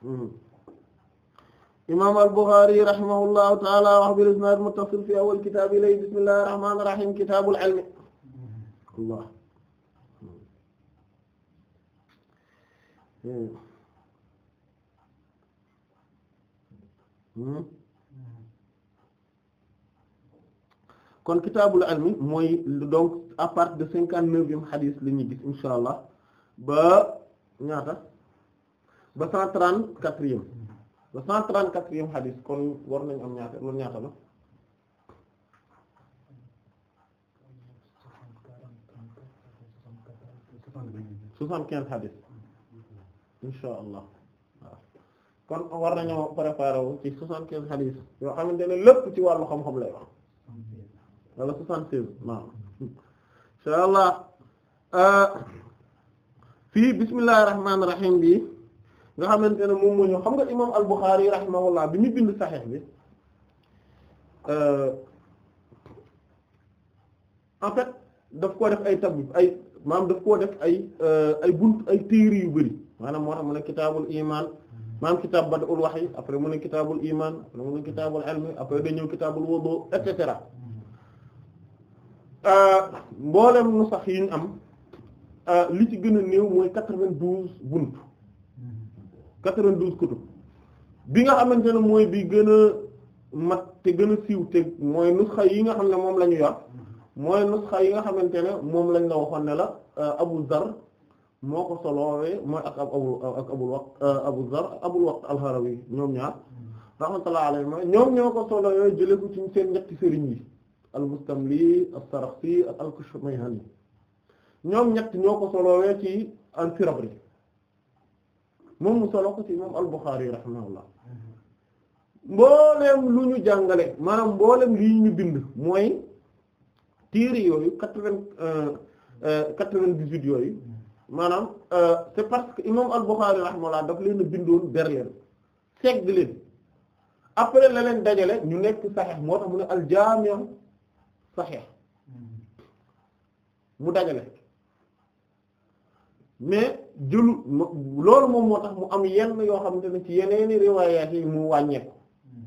Hmm. imam al-Bukhari rahimahullahu taala wax bil isnad muttasil fi awal kitab ilay bismillahir rahmanir rahim kitabul ilmi allah hmm. Hmm. kon kitaabul ilmi mooy donc à partir de cinquante-neuvième hadith la ñuy gis insha allah ba ñaata ba cent trente-quatrième ba cent trente-quatrième xadis kon war nañ am ñaata loolu ñaata la soixante-quinze xadis insha allah kon war nañoo préparé wu ci soixante-quinze xadis yoo xamante ne lépp ci wàllu xam-xam lay wax wala soixante-seize waaw insha allah euh, fii bismillahir nga xamante ne moom moo ñëw xam nga imam al-Bukhari rahimahullah bi ñu bind saxiix bi euh, en fait daf koo def ay tabu ay maanaam daf koo def ay euh, ay bunt ay téere yu bari maanaam moo tax mu ne kitaabul iman maanaam kitaab bad'ul wahyi après mu ne kitaabul iman après mu ne kitaabul ilmi après da ñëw kitaabul wudu et cetera euh, mboolem nu sax yiñ ñu am li ci gën a néew mooy quatre vingt bunt quatre-vingt-douze bi nga xamante ne mooy bi gën a mat te gën a siiw te mooy nusxa yi nga xam ne moom la ñu yor mooy nusxa yi nga xamante ne moom lañ la waxoon ne la euh, Abu Zar moo ko soloowe mooy ak ab abu ak abul waqt euh, Abu Zar ak Abul ñoom ñaar rahmatullahi alayhi ñoom ñoo ko soloowe jëlee ko ci seen ñetti sëriñ yi al-Mustamli as-Sarakhsi ak al-Kushmayhani ñoom ñett ñoo ko soloowe ci al-Firabri moom mu solo ko ci imam al-Bukhari rahimahullah mbooleem lu ñu jàngale maanaam mbooleem lii ñu bind mooy tiiri yooyu quatre-vingt euh, euh, quatre-vingt-dix-huit yooyu maanaam euh, c'est parce que imam al-Bukhari rahimahullah daf leen a bindoon berleen segg leen après la leen dajale ñu nekk saxeex moo tax mu ne al saxeex mu dajale mais jëlu loolu moom moo tax mu am yenn yoo xamante ne ci yeneeni riwaayaat yi mu wàññeeku hmm.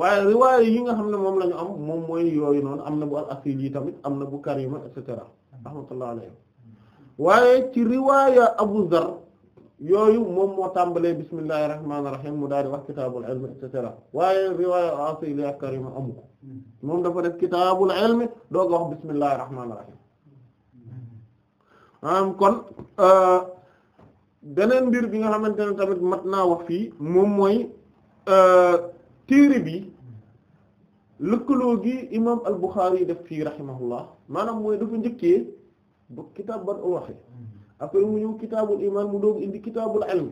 waaye riwaay yi nga xam ne moom lañu am moom mooy yooyu noonu am na bu al-Asili tamit am na bu Karima et cetera rahmatullah alayhi hmm. waaye ci riwaaya Abu Zar yooyu moom moo tàmbalee bismillahir rahmanir rahim mu daal di wax kitaabul ilm et cetera waaye riwaaya al-Asili ak Karima amu ko hmm. moom dafa def kitaabul ilm doog wax bismillahir rahmanir rahim maanaam kon euh, beneen mbir bi nga xamante ne tamit mat naa wax fii moom mooy euh, téere bi lëkkaloo gi imaam al-Bukhari yi def fii rahimahullah maanaam mooy dafa njëkkee ba kitaab ban waxe après mu ñëw kitaabul iman mu doog indi kitaabul ilm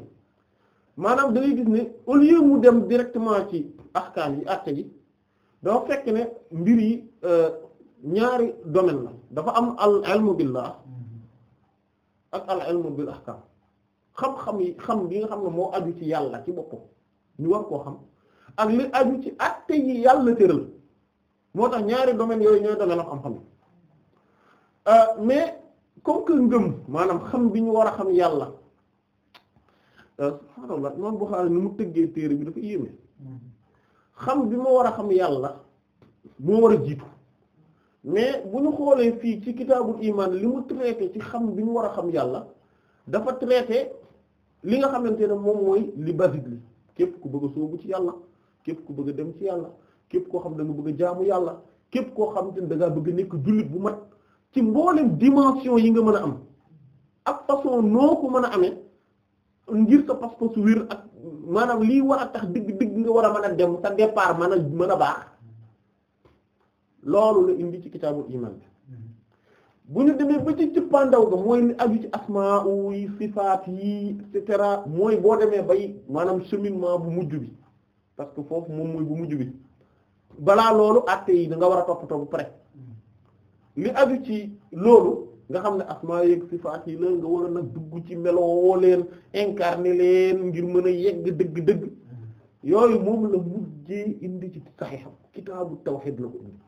maanaam da gis ne au lieu mu dem directement ci ahkaam yi àtte ji dafa fekk ne mbir yi euh, ñaari domaine la dafa am al ilmu billah ak al ilmu bil ahkam xam-xam yi xam bi nga xam ne moo aju ci yàlla ci boppam ñu war koo xam ak li aju ci atte yi yàlla tëral moo tax ñaari domaine yooyu ñooy domaine am xam-xam yi euh, ngëm maanaam xam bi ñu war a xam yàlla euh, subhaanallah noonu boo xam ne mu tëggee téere bi dafa yéeme mm-hmm. xam bi moo war a xam yàlla moo war a jiitu mais bu ñu xoolee fii ci kitaabul iman li mu traité ci xam bi mu war a xam yàlla dafa traité li nga xamante ne moom mooy li basique li képp ku bëgg a sóobu ci yàlla képp ku bëgg a dem ci yàlla képp koo xam da nga bëgg a jaamu yàlla képp koo xam te ne da bëgg nekk jullit bu mat ci mboolem dimension yi nga mën a am ak façon noo ko mën a amee ngir sa pas-pasu wér ak maanaam lii war a tax digg digg nga war a mën a dem sa départ mën a mën a baax loolu la indi ci kitaabul iman bi bu ñu demee ba ci cëppaandaw ga mooy ni aju ci asmaa yi sifaat yi et cetera mooy boo demee bay maanaam cheminement bu mujj bi parce que foofu moom mooy bu mujj bi balaa loolu acte yi da nga war a toppatoo bu pare li aju ci loolu nga xam ne asmaa yeeg sifaat yi la nga war a nag dugg ci meloo leen incarné leen ngir mën a yegg dëgg-dëgg yooyu moom la mujjee indi ci saxiix kitaabu tawhid la ko indi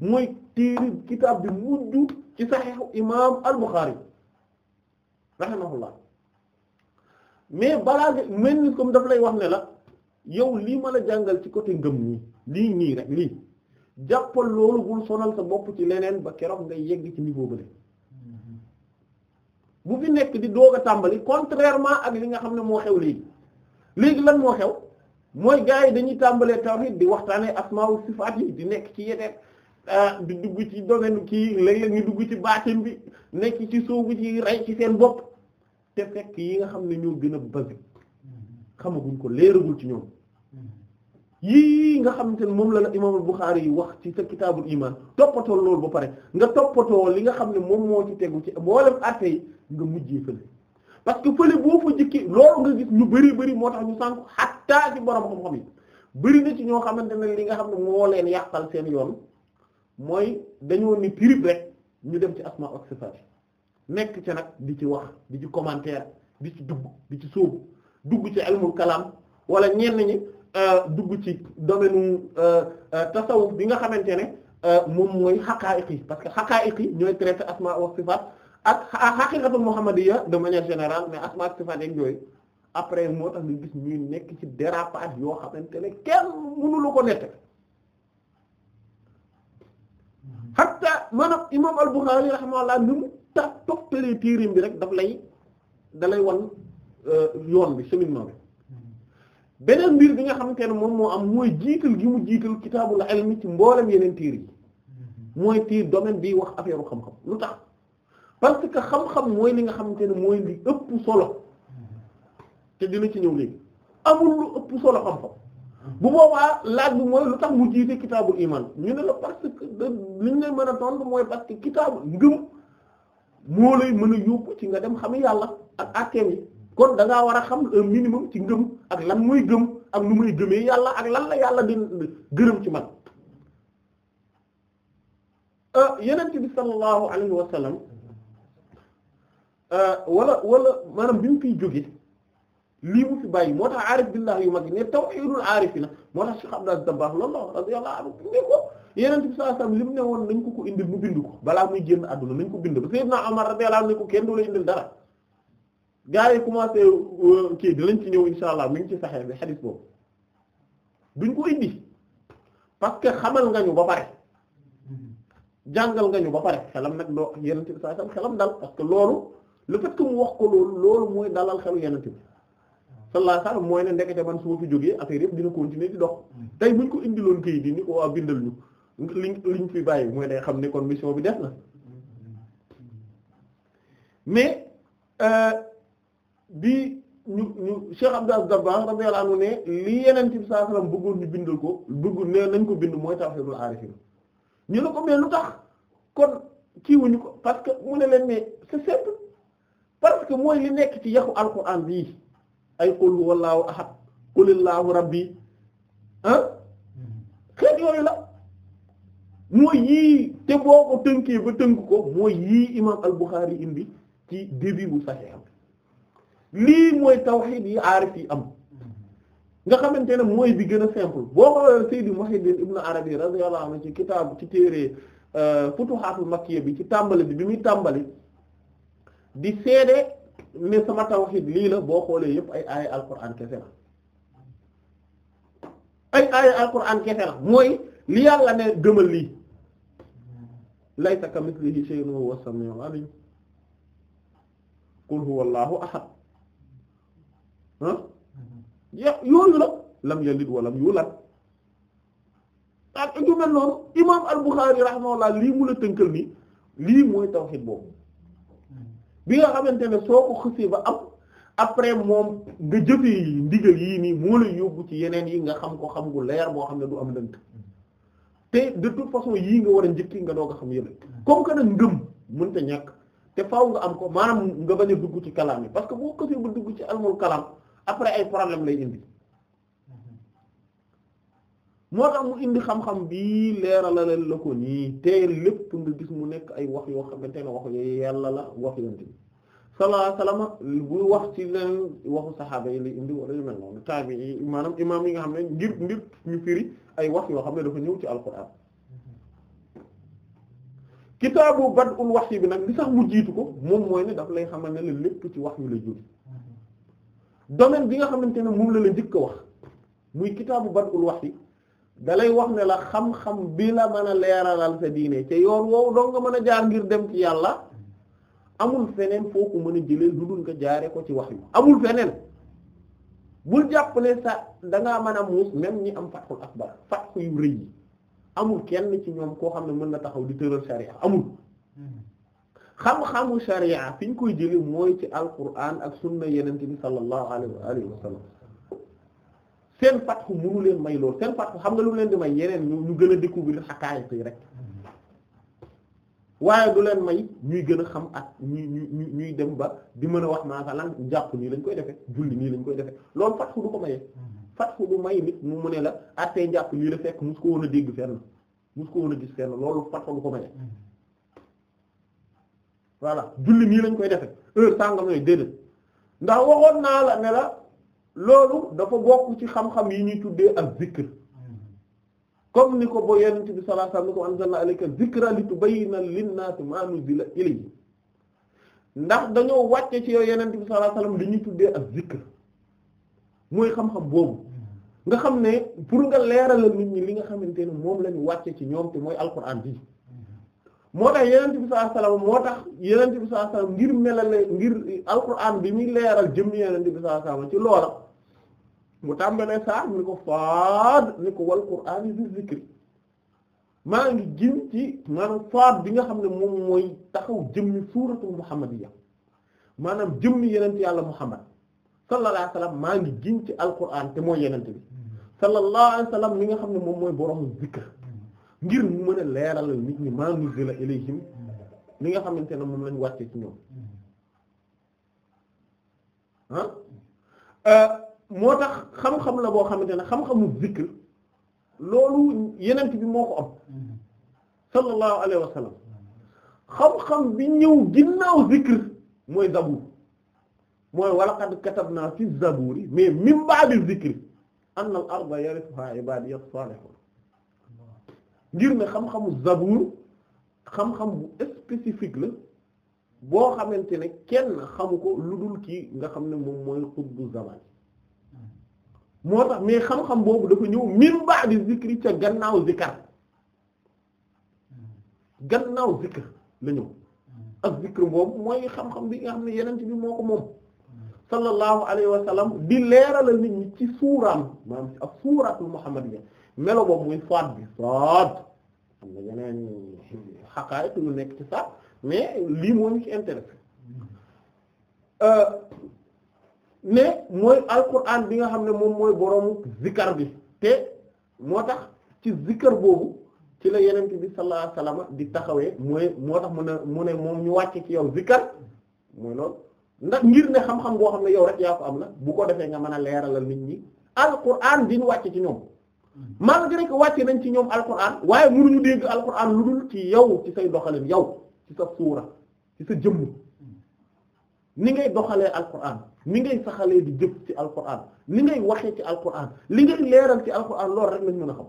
mooy téere kitaab bi mujj ci saxiixu imaam al-Bukhari rahimahullah mais balaa mel ni comme daf lay wax ne la yow lii ma la jàngal ci côté ngëm nii lii nii rek lii jàppal loolu bul sonal sa bopp ci leneen ba keroog ngay yegg ci niveau bële bu fi nekk di doog a tàmbali contrairement ak li nga xam ne moo xew léegi léegi lan moo xew mooy gars yi dañuy tàmbalee tawhid di waxtaanee asmaa wa sifaat yi di nekk ci yeneen Ah, di dugg ci domaine kii léeg-léeg ñu dugg ci baatin bi nekk ci soobu ci rey ci seen bopp te fekk yi nga xam ne ñoo gën a basique xamaguñ ko leeragul ci ñoom yii nga xamante ne moom la la imaamul Buxaari yi wax ci sa kitaabul iman toppatoo loolu ba pare nga toppatoo li nga xam ne moom moo ci tegu ci mboolem atte yi nga mujjee fële parce que fële boo fa jëkki loolu nga gis ñu bëri bëri moo tax ñu sànk xattaa ci borom xam-xam yi bëri na ci ñoo xamante ne li nga xam ne moo leen yàqal seen yoon mooy dañoo ni pirip rek ñu dem ci asma ak sifaat nekk ca nag di ci wax di ci commentaire di ci dugg di ci sóobu dugg ci ilmul kalam wala ñenn ñi euh, dugg ci domaine euh, euh, tasawuf bi nga xamante ne moom mooy xaqaa'iq yi parce que xaqaa'iq yi ñooy traité asma wa sifaat ak xaqiiqatul muhammadiyya de manière générale mais asma ak sifaat yeeg yooyu après moo tax ñu gis ñuy nekk ci dérapage yoo xamante ne kenn mënu lu ko nekk. maanaam imam al-Bukhari rahimahullah ni mu tax toppalee tiirim bi rek daf lay dalay lay wan euh, yoon bi cheminement bi beneen mbir bi nga xamante ne moom moo am mooy jiital gi mu jiital kitaabul ilmi ci mboolem yeneen tiir mooy tiir domaine bi wax affaire xam-xam lu tax parce que xam-xam mooy li nga xamante ne mooy li ëpp solo te dina ci ñëw léegi amul lu ëpp solo xam-xam bu boobaa laaj bi mooy lu tax mu jiite kitaabul imaan ñu ne la parce que li ñu lay mën a tontu mooy parce que kitaabu ngëm moo lay mën a yóbbu ci nga dem xam yàlla ak àtteem yi kon dangaa war a xam minimum ci ngëm ak lan muy gëm ak nu muy gëmee yàlla ak lan la yàlla di gërëm ci man euh, yeneen bi sallallahu alayhi wa sallam euh, wala wala maanaam bi mu jóge lii mu fi bàyyi moo tax aarif billaah yu mag yi ne taw aarifiina moo tax Cheikh Abdou Aziz Dabakh loolu la radiyallahu anhu ne ko Yonent bi sallallahu alayhi li mu woon nañ ko ko indil mu bind ko balaa muy génn àdduna nañ ko bind ba Sayyidna ko kenn du la indil dara gaa yi commencé euh, kii dinañ ci ñëw insha allah mi ngi ci saxee bi xadis boobu ko indi que xamal nga ñu ba pare jàngal nga ba pare xelam nag doo Yonent bi sallallahu alayhi wasallam dal parce que loolu le fait mu wax ko loolu loolu mooy dalal xelu Yonent bi sallallahu alayhi wasallam mooy ne ndekete man su ma fi jógee affaire yëpp dina continuer di dox tey buñ ko indiloon kayit yi ni ko waa bindal ñu li ñu fi bàyyi mooy day xam ne kon mission bi def na euh, bi ñu ñu Cheikh Abdou Dabba radiyallahu anhu ne li yeneen ci sallallahu alayhi wasallam bëggoon ñu bindal ko bëgg ne nañ ko bind mooy tawhidul arifin ñu ne ko mais lu tax kon kiiwuñu ko parce que mu ne leen ne c'est parce que mooy li nekk ci yaxu alquran bii ay qul huwallahu ahad qulillahu rabbi ah xeet yooyu la mooy yii te boo ko tënkee ba tënk ko mooy yii imam al indi ci début bu Sahih am lii mooy tawhid yi aarif yi am nga xamante ne mooy bi gën a simple boo xoolee Sayyid Muhammad ibn Arabi radiyallahu anhu ci kitaab ci téere euh, Futuhatul Makkiyya bi ci tàmbali bi bi muy tàmbali di seede ne sama tawhid lii la boo xoolee yëpp ay aaya alquran kese ay aaya alquran kese mooy li yàlla ne gëmal lii laysa kamithlihi shay'un wa huwa as-sami'ul 'alim qul huwa allahu ahad ah yooyu la lam yalid wa lam yulad ak ju mel noonu imam al-Bukhari rahimahullah lii mu la tënkal lii mooy tawhid boobu bi nga xamante ne soo ko xësee ba am après moom nga jëfee ndigal yii nii moo lay yóbbu ci yeneen yi nga xam ko xam gu leer boo xam ne du am lënt te de toute façon yii nga war a njëkki nga doog a xam yële comme que nag ngëm mënta ñàkk te faaw nga am ko maanaam nga bañ a dugg ci kalaam yi parce que boo xësee ba dugg ci almul kalaam après ay problème lay indi moo tax mu indi xam-xam bii leeralalal la ko nii te lépp nga gis mu nekk ay wax yoo xamante ne wax yooyu yàlla la wax yonent bi wax ci waxu saxaaba yi indi wala yu mel noonu taabii maanaam imaam yi nga xam ne ngir ngir ay wax yoo xam ne dafa ñëw ci alquran kitaabu bad'ul wahyi bi nag li sax mu jiitu ko moom mooy ne daf lay xamante ne la lépp ci wax yu la jóge domaine bi nga xamante ne moom la la njëkk a wax muy kitaabu wax wahyi dalay wax ne la xam-xam bi la mën a leeralal sa diine te yoon woowu doo nga mën a jaar ngir dem ci yàlla amul feneen foo ko mën a jëlee lu dul nga jaare ko ci wax yu amul feneen bul jàpp ne sa dangaa mën a muus même ñi am fatxul akbar fatxu yu rëy yi amul kenn ci ñoom koo xam ne mën na taxaw di tëral sharia amul xam-xamu sharia fi ñu koy jëlee mooy ci alquran ak sunna yenente bi sallallahu alayhi wa sallam seen fatxu mënu leen may loolu seen fatxu xam nga lu leen di may yeneen ñu gën a découvrir xaqaayiq yi rek waaye du leen may ñuy gën a xam ak ñuy ñuy ñuy dem ba di mën a wax maanaam jàpp nii lañ koy defee julli nii lañ koy defee loolu fatxu du ko mayee fatxu du may nit mu mu la attee jàpp lii la fekk mus ko woon a dégg fenn mus ko woon a du ko mayee voilà julli nii lañ koy defee heure sàngam yooyu déedéet ndax waxoon naa la ne la loolu dafa bokk ci xam-xam yi ñuy tuddee ak zikr comme ni ko boo yenent bi sallallahu alayhi wa sallam ni ko anzalna alayka zikra li tubayyina linnaasi maa nuzila ilayhim ndax dañoo wàcce ci yow yenent bi sallallahu alayhi li ñuy tuddee ak zikr mooy xam-xam boobu nga xam ne pour nga leeral leeralal nit ñi li nga xamante ne moom lañu wàcce ci ñoom te mooy alquran bi moo tax yenent bi sallallahu moo tax yenent bi sallallahu ngir wa ngir melale ngir alquran bi muy leeral jëm yenent bi sallallahu ci loola mu tàmbalee saar ni ko faad ni ko wal qur'aan di zikri maa ngi gin ci maanaam faad bi nga xam ne moom mooy taxaw jëmmi suuratul muhammadiyya maanaam jëmmi yenent yàlla muhammad sallallahu alayhi wa sallam maa ngi gin ci alqur'aan te mooy yenent bi sallallahu alayhi wa sallam mi nga xam ne moom mooy borom zikr ngir mu mën a leeralal nit ñi maa nuzila ilayhim li nga xamante ne moom lañ wàcce ci ñoom ah? euh, moo tax xam-xam la boo xamante ne xam-xamu zikr loolu yenent bi moo ko am sallallahu alayhi wa sallam xam-xam bi ñëw ginnaaw zikr mooy zabur mooy walaqad katabna fi zaburi mais min ba'di zikri anna al arda yarithuha ibadiy salihun ngir ne xam-xamu zabur xam-xam bu spécifique la boo xamante ne kenn xamu ko lu dul kii nga xam ne moom mooy xutbu zaman moo tax mais xam-xam boobu dafa ñëw min ba'di zikri ca gannaaw zikar gannaaw zikr la ñëw ak zikr boobu mooy xam-xam bi nga xam ne yeneen bi moo ko moom sallallahu alayhi wa sallam di leeralal nit ñi ci suuraam maanaam ci ak suuratul muhammadiyya melo boobu muy saad bi saad am xaqaayiq yu nekk ci saad mais lii moo ñu ci intéressé euh, ne mooy alquran bi nga xam ne moom mooy boroomu zikar bi te moo tax ci zikar boobu ci la yenent bi sallallahu alayhi di taxawee mooy moo tax mu ne mu moom ñu wàcce ci yow zikar mooy loolu ndax ngir ne xam-xam boo xam ne yow rek yaa ko am na bu ko defee nga mën a leeralal nit ñi alquran di ñu wàcce ci ñoom malgré que wàcce nañ ci ñoom alquran waaye mënuñu dégg alquran lu dul ci yow ci say doxalin yow ci sa suura ci sa jëmm ni ngay doxalee alquran ni ngay saxalee di jëf ci alquran li ngay waxee ci alquran li ngay leeral ci alquran loolu rek lañ mën a xam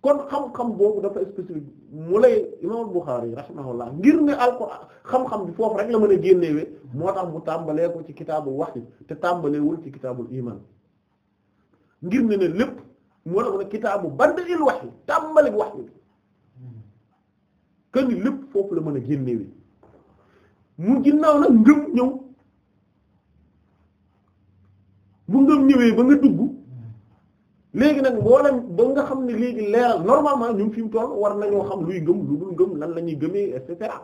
kon xam-xam boobu dafa spécifique mu lay imam Bukhari rahimahullah ngir ne alquran xam-xam bi foofu rek la mën a génnewee moo tax mu tàmbalee ko ci kitaabul wahyi te tàmbaleewul ci kitaabul iman ngir ne ne lépp moo tax ne kitaabu bad'il wahyi tàmbali wahyi bi ken lépp foofu la mën a génnewee mu naaw nag ngëm ñëw bu ngëm ñëwee ba nga dugg léegi nag mboolem ba nga xam ne léegi leeral normalement ñun fi mu toll war nañu xam luy gëm lu dul gëm lan la ñuy gëmee et cetera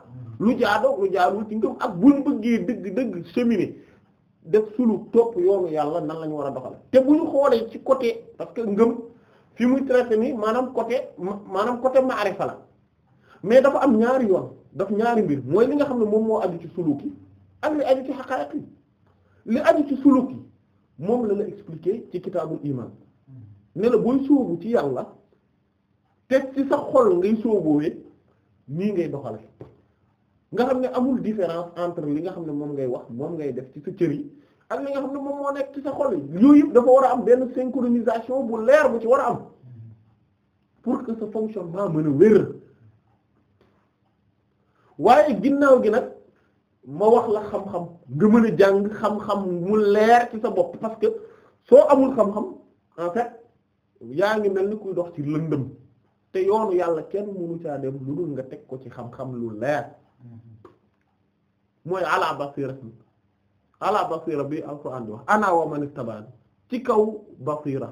lu jaadoo lu jaadul ci ngëm ak buñ bëggee dëgg dëgg cheminer def sulu topp yoonu yàlla nan lañu war a doxal te bu ñu xoolee ci côté parce que ngëm fi muy traité ni maanaam côté maanaam côté maarifa la mais dafa am ñaari yoon. daf ñaari mbir mooy li nga xam ne moom moo aju ci suluk yi ak li aju ci xaqaayiq yi li aju ci suluk yi moom la la expliquer ci kitaabul iman ne la booy sóobu ci yàlla teg ci sa xol ngay sóoboowee nii ngay doxale nga xam ne amul différence entre li nga xam ne moom ngay wax moom ngay def ci sa cër yi ak li nga xam ne moom moo nekk ci sa xol yi yooyu dafa war a am benn synchronisation bu leer bu ci war a am pour que sa fonctionnement mën a wér waaye ginnaaw gi nag ma wax la xam-xam nga mën a jàng xam-xam mu leer ci sa bopp parce que soo amul xam-xam en yaa ngi mel ni kuy dox ci lëndëm te yoon yàlla kenn mënu caa dem lu dul nga teg ko ci xam-xam lu leer mooy ala basira ala basira bi alquran di wax ana wa man ittaba'ani ci kaw basira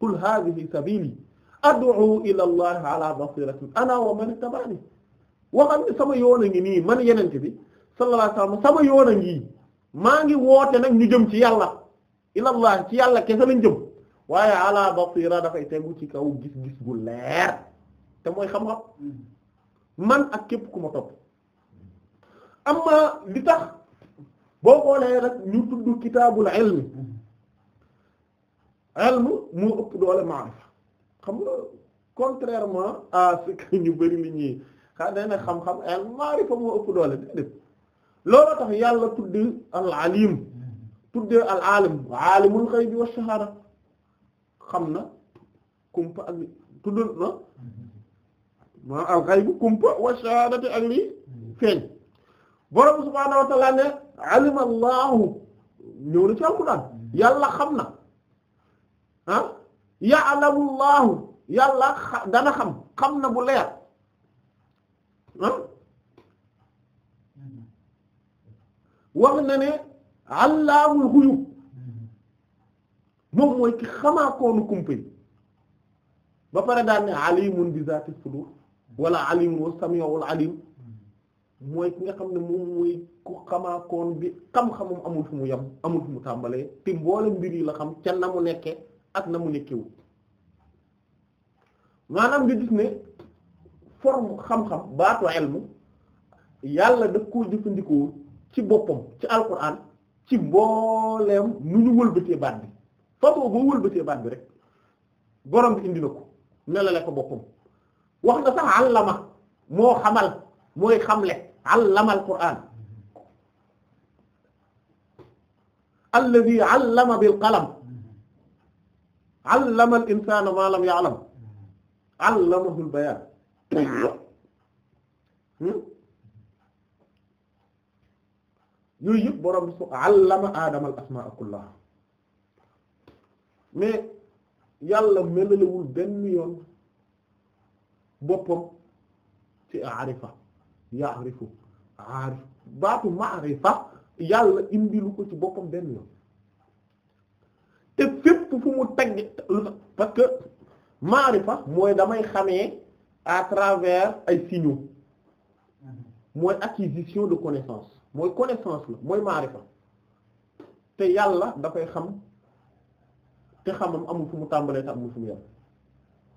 qul hadhihi sabili ad'u ila allah ala basiratin ana wa man ittaba'ani waxam ne sama yoon a ngi nii man yenente bi sallallahu alayhi wasallam sama yoon a ngi maa ngi woote nag ñu jëm ci yàlla ila allah ci yàlla kese lañ jëm waaye ala basira dafay tegu ci kaw gis-gis bu leer te mooy xam-xam man ak képp ku ma topp amma li tax boo xoolee rek ñu tudd kitaabul ilm ilm mu ëpp doole maarifa xam nga contrairement à ce que ñu bari li ñuy xaa ne xam-xam al maarifa moo ëpp doole déedéet looloo tax yàlla tudd al alim tudd al alim alimul ghaybi wa shahada xam na kumpa ak al ghaybi kumpa wa shahadati ak li feeñ borom subhaanahu wa ne alima allahu ñëw na ci alquran yàlla xam na ah, ya'lamullaahu yàlla dana xam xam na bu leer wax na ne allaamul xuyub moom mooy ki xamaakoonu kumpa yi ba pare daan ne alimun bi zaati sudur wala alimun wa samiul alim mooy ki nga xam ne moom mooy ku xamaakoon bi xam-xamam amul fu mu yam amul fu mu tàmbalee te mboole mbir yi la xam ca na mu nekke ak na mu nekkiwu maanaam nga gis ne forme xam-xam baatu ilmu yàlla daf koo jëfandikoo ci boppam ci alquran ci mbooleem nu ñu wëlbatee baat bi façon boo wëlbatee baat bi rek borom bi indi na ko melale ko boppam wax na sax allama moo xamal mooy xamle allama alquran alladhi allama bil qalam allama al insana ma lam ya'lam allamahu al bayan hmm? yooyu yëpp borom su allama aadama al asmaa kullaha mais yàlla melalewul benn yoon boppam ci arifa ya'rifu arif baatu ma'rifa yàlla indilu ko ci boppam benn yoon te fépp fépp fu mu tagg parce que maarifa mooy damay xamee à travers ay signaux mooy acquisition de connaissance mooy connaissance la mooy maarifa te yàlla dafay xam te xamam amul fu mu tàmbalee te amul fu mu yem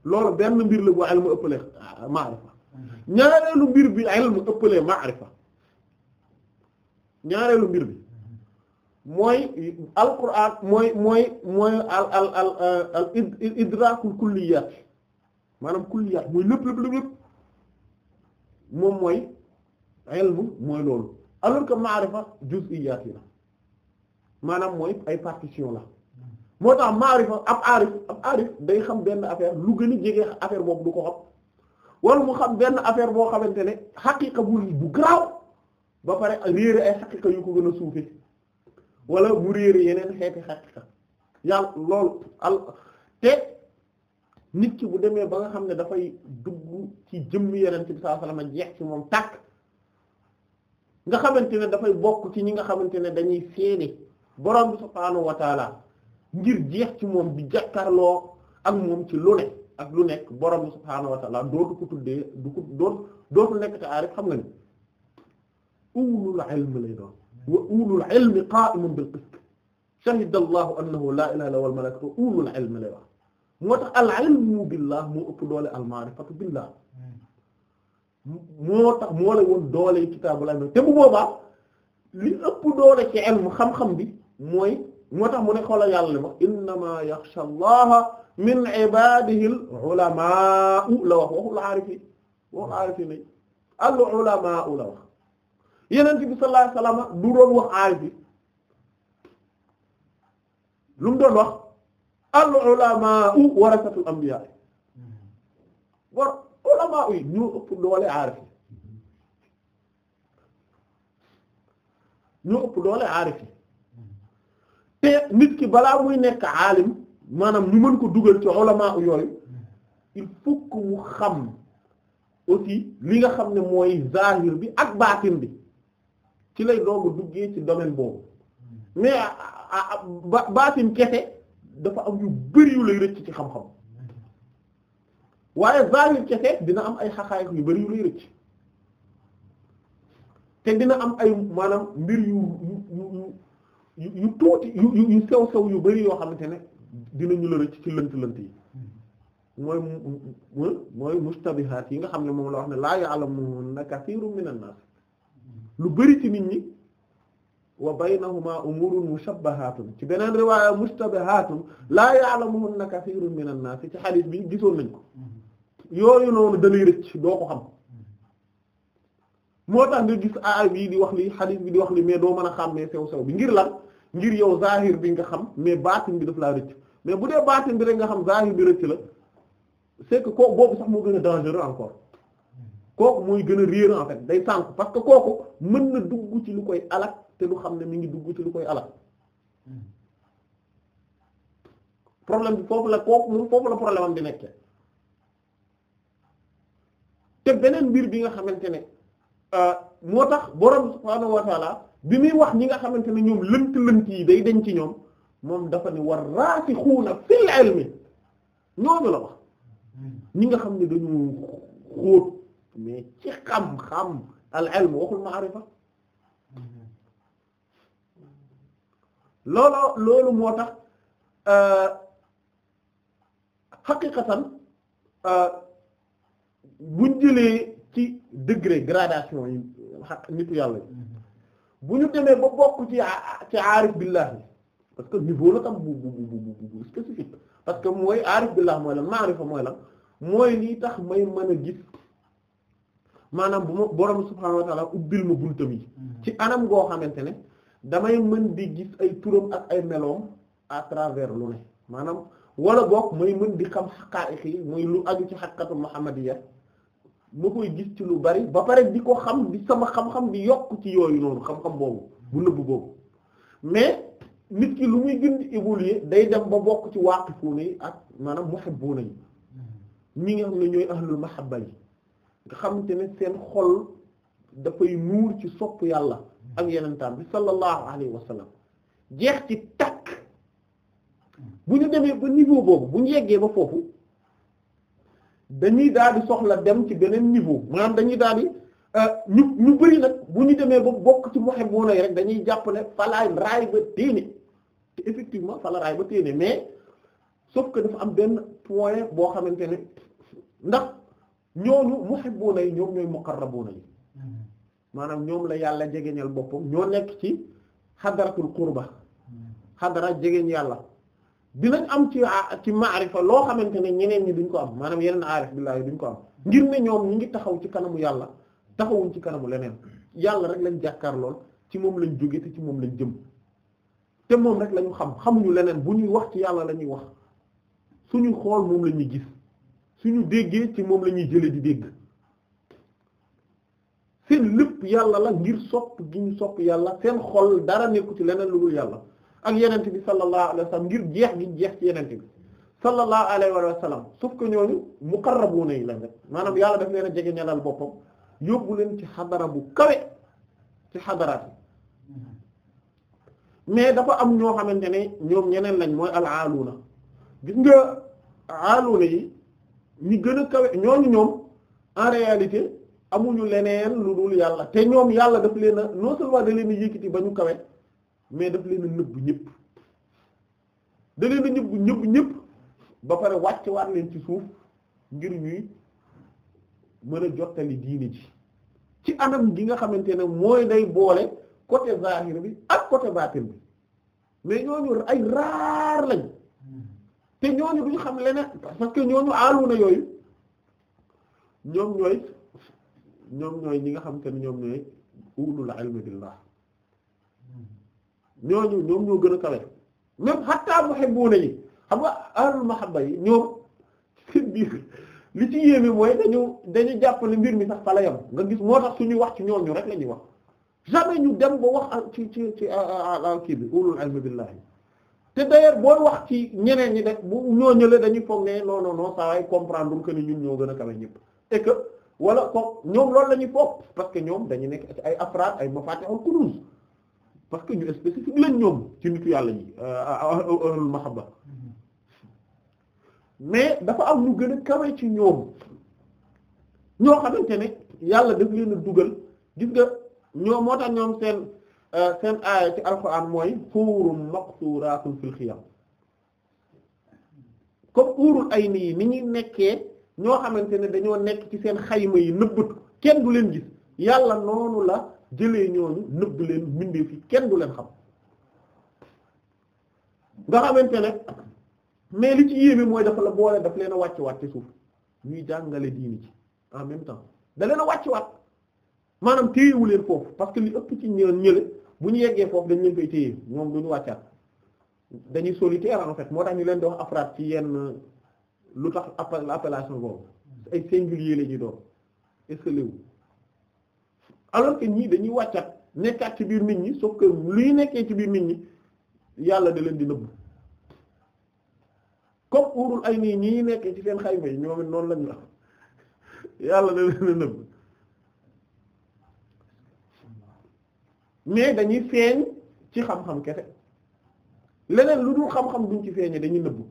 loolu benn mbir la bu ilmu ëppale maarifa ñaareelu mbir bi ilmu ëppale maarifa ñaareelu mbir bi mooy alquran mooy mooy mooy al al al euh, al idrakul maanaam kulliyat mooy lépp lépp lépp moom mooy mooy loolu alors que maarifa juz'iyat yi la maanaam mooy ay partition la moo tax maarifa ab aarif ab aarif day xam benn affaire lu gën a jege affaire boobu du ko xam wala mu xam benn affaire boo xamante ne xaqiqa bu bu garaaw ba pare réere ay xaqiqa yu ko gën a suufe wala bu réer yeneen xeeti xaqiqa yàlla loolu te nit ki bu demee ba nga xam ne dafay dugg ci jëmm yeneen ci bi sallallahu alayhi jeex ci moom tàkk nga xamante ne dafay bokk ci ñi nga xamante ne dañuy seede borom bi subhaanahu ngir jeex ci moom bi jàkkarloo ak moom ci lu ne ak lu nekk boroom bi subhaanahu dootu ko tuddee du ko dootu dootu nekk te xam nga ni ulul ilm lay doon wa ulul ilmi qa'imun bil qist shahida allahu annahu la ilaha illa huwal malaikatu wa ulul ilmi lay wax moo tax al ilmu billah moo ëpp doole al ma'rifatu billah moo tax moo la woon doole kitaabul ilmi te bu boobaa li ëpp doole ci ilmu xam-xam bi mooy moo tax mu ne xoolal yàlla li wax innama yaxsha allaha min ibadihi al ulama la wax waxul aarifi waxul aarifi na al ulama la wax yeneen bi sallallahu alayhi wax aay bi lu mu doon wax al ulama u warasatul anbiya war ulama u ñu ëpp doole aarif ñu ëpp doole aarif yi te nit ki balaa muy nekk aalim maanaam ñu mën ko dugal ci ulama u yooyu il faut que xam aussi li nga xam ne mooy zahir bi ak baatin bi ci lay doog a duggee ci domaine boobu mais ba baatin kese dafa am yu bari yu lay rëcc ci xam-xam waaye zahir kese dina am ay xaqaayiq yu bari yu lay rëcc te dina am ay maanaam mbir yu yu yu yu tuuti yu yu sew sew yu bari yoo xamante ne dinañu la rëcc ci lënt lënt yi mooy mooy mustabihaat yi nga xam ne moom la wax ne laa ya'lamu na kasiirun minan naas lu bari ci nit ñi wa baynahuma umurun mushabbahatun ci beneen riwaaya mustabahatun laa ya'lamuhunna kathirun minan nas ci xadiis bi gisoon nañ ko yooyu noonu dalay rëcc doo ko xam moo tax nga gis aay bii di wax li xadiis bi di wax li mais doo mën a xàmmee sew sew bi ngir lan ngir yow zahir bi nga xam mais baatin bi daf laa rëcc mais bu dee baatin bi rek nga xam zahir bi rëcc la c'est que kooku boobu sax moo gën a dangereux kooku mooy gën a réer en day sànk parce que kooku mën na dugg ci lu koy alak te lu xam ne mi ngi dugg ci lu koy alak problème bi foofu la kooku moom foofu la problème am di te beneen mbir bi nga xamante ne euh, moo tax borom subhaanahu wa taala bi muy wax ñi nga xamante ne ñoom lënt lënt yi day deñ ci ñoom moom dafa ne war raasixuuna fil ilmi ñooñu la wax ñi nga xam ne dañu xóot mais ci xam-xam al ilm waxul maarifa looloo loolu moo tax euh, xaqiqatan euh, buñ jëlee ci degré gradation yi nitu yàlla bu ñu demee ba bokk ci ci aarif billahi parce que niveau la tam bu bu bu bu spécifique parce que mooy aarif billahi mooy lan maarifa mooy lan mooy lii tax may mën a gis maanaam bu ma borom subhaanahu wa ta'ala ubbil ma buntam yi mm-hmm. ci anam goo xamante ne damay mën di gis ay turam ak ay meloom à travers lu ne maanaam wala boog mooy mën di xam xaqaa'iq yi muy lu aju ci xaqiiqatu muhammadiyya ma koy gis ci lu bari ba pare di ko xam di sama xam-xam di yokk ci yooyu noonu xam-xam boobu bu nëbb boobu mais nit ki lu muy gën di évoluer day dem ba bokk ci waaqifuuna yi ak maanaam muhibbuuna yi mm-hmm. ñi nga xam ne ñooy ahlul mahabba yi nga xamante ne seen xol dafay muur ci sopp yàlla ak yenentaan bi sallallahu alayhi wa sallam jeex ci takk bu ñu demee ba niveau boobu bu ñu yeggee ba foofu dañuy daal di soxla dem ci beneen niveau maanaam dañuy daal di euh, ñu ñu bëri nag bu ñu demee ba bokk ci muhibbuna yi rek dañuy jàpp ne falaay raay ba téene te effectivement fala raay ba téene mais sauf que dafa am benn point boo xamante ne ndax ñooñu muhibbuuna yi ñoom ñooy muqarrabuuna yi mm-hmm. maanaam ñoom la yàlla jegeñal bopp ñoo nekk ci xadaratul qurba mm-hmm. xadara jegeñ yàlla dinañ am ci ci maarifa loo xamante ne ñeneen ñi duñ ko am maanaam yeneen aarif billaahi duñ ko am ngir ne ñoom ñi ngi taxaw ci kanamu yàlla taxawuñ ci kanamu leneen yàlla rek lañ jàkkaar lool ci moom lañ jóge te ci moom lañ jëm te moom rek lañu xam xamuñu leneen bu ñuy wax ci yàlla la ñuy wax suñu xool moom la ñuy gis suñu déggee ci moom la ñuy jële di dégg seen lépp yàlla la ngir sopp gi ñu sopp yàlla seen xol dara nekku ci leneen lu yàlla ak yenente bi sallallahu alayhi wa sallam ngir jeex gi jeex ci yenente bi sallallahu alayhi wa sallam ko ñoo ñooñu muqarrabuna yi lañ rek maanaam yàlla daf leen a jege ñalal boppam yóbbu leen ci xadara bu kawe ci xadaraat yi mais dafa am ñoo xamante ne ñoom ñeneen lañ mooy al aaluuna gis nga aaluuna yi ñi gën a kawe ñooñu ñoom en réalité amuñu leneen lu dul yàlla te ñoom yàlla daf leen a non seulement da leen a yëkkati ba ñu kawe mais daf leen a nëbb ñëpp da leen a ñëbb ñëpp ñëpp ba pare wàcc waat leen ci suuf ngir ñuy mën a jottali diine ji ci anam gi nga xamante ne mooy day boole côté zahir bi ak côté batin bi mais ñooñu ay raar lañ te ñooñu duñu xam leneen parce que ñooñu aaluna yooyu ñoom ñooy ñoom ñooy ñi nga xam te ne ñoom ñooy ulul ilmi billah ñooñu ñoom ñoo gën a kawe même hatta muhibbuna yi xam nga ahlul mahabba yi ñoom seen biir li ci yéeme mooy dañu dañu jàpp mbir mi sax fa yam nga gis moo tax suñu wax ci ñooñu rek la wax jamais ñu dem ba wax ci ci ci kii bi ulul ilmi billah te d'ailleurs boo wax ci ñeneen ñi rek bu ñoo ñëlee dañuy foog ne non non non saa comprendre que ni ñun ñoo gën a kawe ñëpp et que wala ko ñoom loolu lañuy ñuy foog parce que ñoom dañu nekk ay afraad ay mafatihul kunuz parce que ñu spécifique lañ ñoom ci nitu yàlla ñi ahlul euh, euh, euh, mahabba mais dafa am ñu gën a kawe ci ñoom ñoo xamante ne yàlla daf leen a dugal gis nga ñoom moo tax ñoom seen. Euh, seen aaya ci alxuraan mooy xuurun maqsuuraatun fil xiyam comme xuurul ay yi ni ñuy nekkee ñoo xamante ne dañoo nekk ci seen xayma yi nëbbatu kenn du leen gis yàlla noonu la jëlee ñooñu nëbb leen mbindeef yi kenn du leen xam nga xamante ne mais li ci yéeme mooy dafa la boole daf leen a wàcc waat ci suuf ñuy jàngale diini ci en même temps da leen wàcc waat maanaam téyewu leen foofu parce que li ëpp ci ñële bu ñu yeggee foofu dañ leen koy téye ñoom duñu wàccaat dañuy solitaire en fait moo tax ñu leen dox wax ci yenn lu tax appellation boobu ay singulier la ñuy doon est-ce que léwu alors que ñii dañuy wàccaat nekkaat ci biir nit ñi sauf que luy nekkee ci biir nit ñi yàlla da leen di nëbbu comme uurul ay nii ñii nekkee ci seen xayma yi ñoom it noonu lañ la yàlla da leen di nëbb mais dañuy feeñ ci xam-xam kese leneen lu dul xam-xam duñ ci feeñee dañuy nëbbu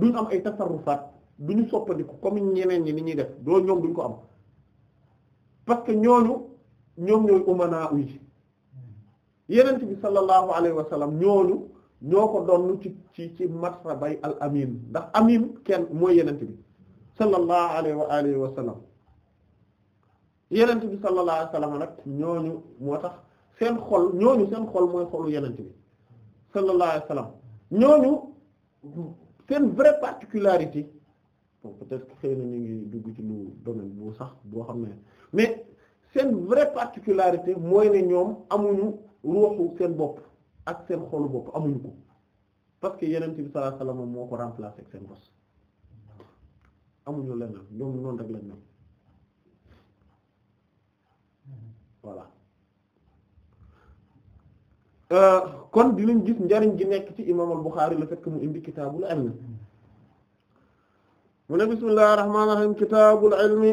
duñ am ay tasarrufaat duñu soppandiku comme ñeneen ñi ni ñuy def doo ñoom duñ ko am parce que ñooñu ñoom ñooy yenent bi sallallahu alayhi wa sallam ñooñu ñoo ko doon ci ci ci matra bay al amin ndax amin kenn mooy yenent bi sallallahu alayhi wa alihi wa yeneent bi sallallahu alayhi nag ñooñu moo tax seen xol ñooñu seen xol mooy xolu yenent bi sallallahu alayhi ñooñu seen vraie particularité bon peut xëy na ñu ngi dugg ci lu domaine bu sax boo xam ne mais seen vraie particularité mooy ne ñoom amuñu ruuxu seen bopp ak seen xolu bopp amuñu ko parce que yenent bi sallallahu alayhi wasallam moo ko remplacer ak seen bos amuñu leneen ñoom noonu rek lañ ñoom voilà euh, kon dinañ gis njariñ gi nekk ci imam al-Bukhari la fekk mu indi kitaabul ilmi mu ne bismillahir rahmanir rahim kitaabul ilmi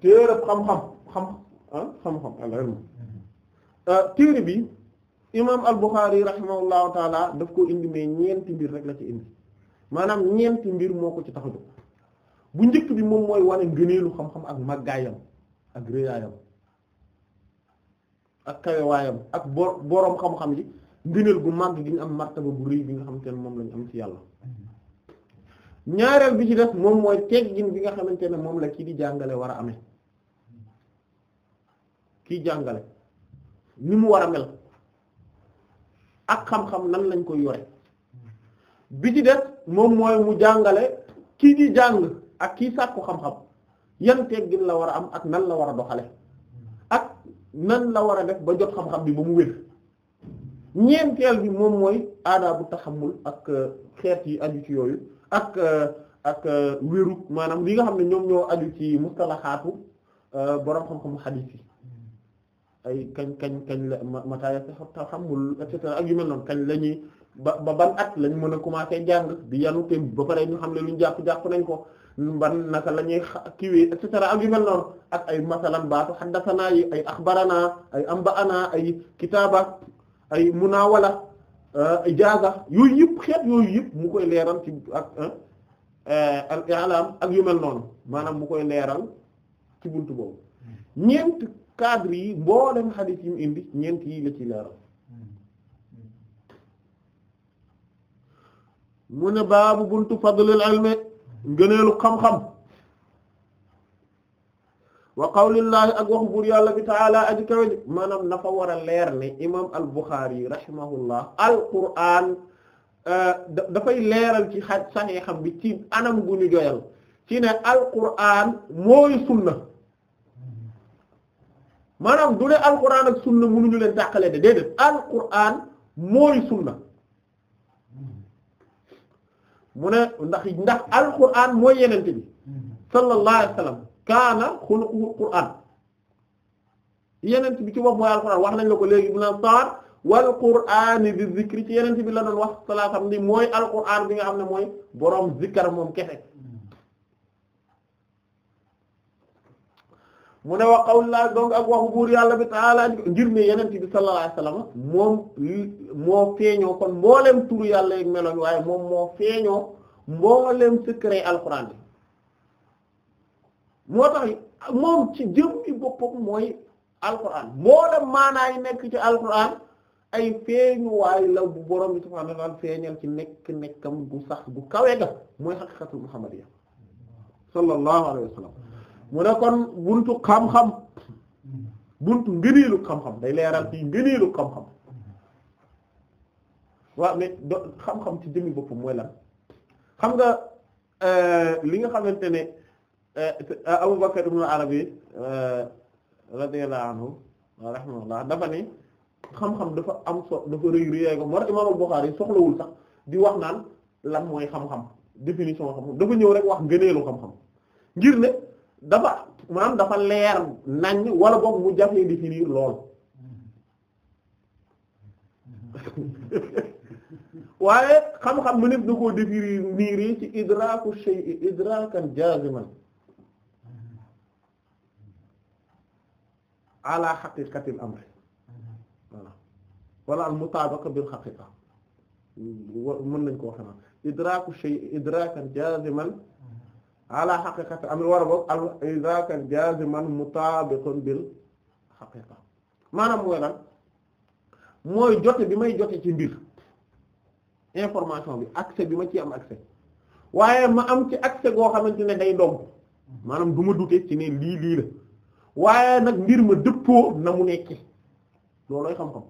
téereb xam-xam xam ah, xam-xam al-ilm euh, téere bi imam al-Bukhari rahimahullahu taala daf ko indi mais ñeenti mbir rek la ci indi maanaam ñeenti mbir moo ko ci tax a bu njëkk bi moom mooy wane ngëneelu xam-xam ak màggaayam ak réyaayam ak kawewaayam ak bo boroom xam-xam ji ngëneel gu màgg gi ñu am martaba bu rëy bi nga xamante ne moom lañu am ci yàlla ñaareel bi ci def moom mooy teggin bi nga xamante ne moom la kii di jàngale war a amee kii jàngale ni mu war a mel ak xam-xam lañ koy yore bi ci def moom mooy mu jàngale kii di jàng ak kii sàkku xam-xam yan teggin la war a am ak nan la war a doxale nan la war a def ba jot xam-xam bi ba mu wér ñeenteel bi moom mooy aadaabu taxamul ak euh, xeet yi aju ci yooyu ak euh, ak euh, wéru maanaam li nga xam ne ñoom ñoo aju ci mustalaxaatu borom xam-xamu xadiis yi ay kañ kañ kañ la ma mataaya taxamul et cetera ak yu mel noonu kañ la ñuy ba ba ban at lañ mën a commencer jàng bi yanu te ba pare ñu xam ne luñ jàpp jàpp nañ ko ban naka la ñuy kiiwee yu mel noonu ay masalan baatu xaddasanaa yi ay axbaranaa ay ambaanaa ay kitaaba ay munaawala ijaaza ah, yu yëpp xeet yooyu yëpp mu ci ak ah, eh, ak yu mel noonu maanaam mu koy leeral ci bunt boobu ñeent cadre yi mboolem xadiis yi mu indi ñeent yi la ci leeral mu ne baabu buntu fadlul ilmi ngëneelu xam-xam wa qawlillaahi ak waxu buur yàlla bi taala aji kawe ji maanaam nafa war a leer ne imam al Bukhari rahimahullah al quraan euh, dafay leeral ci xaj saxiixam bi ci anam gu ñu joyal ci ne al quraan mooy sunna maanaam du ne al quraan ak sunna mënuñu leen dàqale de déedéet al quraan mooy sunna mu ne ndax ndax alquran mooy yenente bi sallallahu alayhi wa sallam kaana xuluquhu qur'an yenente bi ci bopp mooy alquran wax nañ la ko léegi bu naan saar wal qur'ani bi zikri ci yenente bi la doon wax sallallahu alayhi wa sallam ni mooy alquran bi nga xam ne mooy boroom zikkar moom kese mu ne wa qawlullah donc ak waxu buur yàlla bi taala ngir ne yeneen bi sallallahu alayhi wasallam moom moo feeñoo kon mbooleem turu yàlla yeeg melo waaye moom moo feeñoo mbooleem secret alquran bi moo tax moom ci jëmmi boppam mooy alquran mbooleem maanaa nekk ci alquran ay feeñuwaay bu borom bi subhaanahu wa ta'aala feeñal ci nekk nekkam gu sax gu kawe ga mooy xaqiiqatul muhammadiyya sallallahu alayhi wasallam mu ne kon buntu xam-xam buntu ngëneelu xam-xam day leeral ci ngëneelu xam-xam waaw mais xam-xam ci jëmmi boppam mooy lan xam nga euh, li nga xamante ne euh, Abu Bakr ibn Arabi euh, radiyallahu anhu dafa am so dafa rëy soxlawul sax di wax naan lan mooy xam-xam définition xam-xam dafa ñëw rek wax ngëneelu xam-xam ngir ne. dafa maanaam dafa leer nañ wala boog mu jafee définir lool waaye xam-xam mu nekk da koo définir niir yi ci idraku ala haqiqatil amr wala al mutabaqa bil haqiqa mën nañ ko wax na idraku shay'i ala xaqiqati am war a boog al izaka jaziman mutabiqun bil xaqiqa maanaam mooy lan mooy jote bi may jote ci mbir information bi accès bi ma ci am accès waaye ma am ci accès goo xamante ne day doom maanaam du ma dute ci ne lii lii waaye nag mbir ma dëppoo namu mu nekki loolooy xam-xam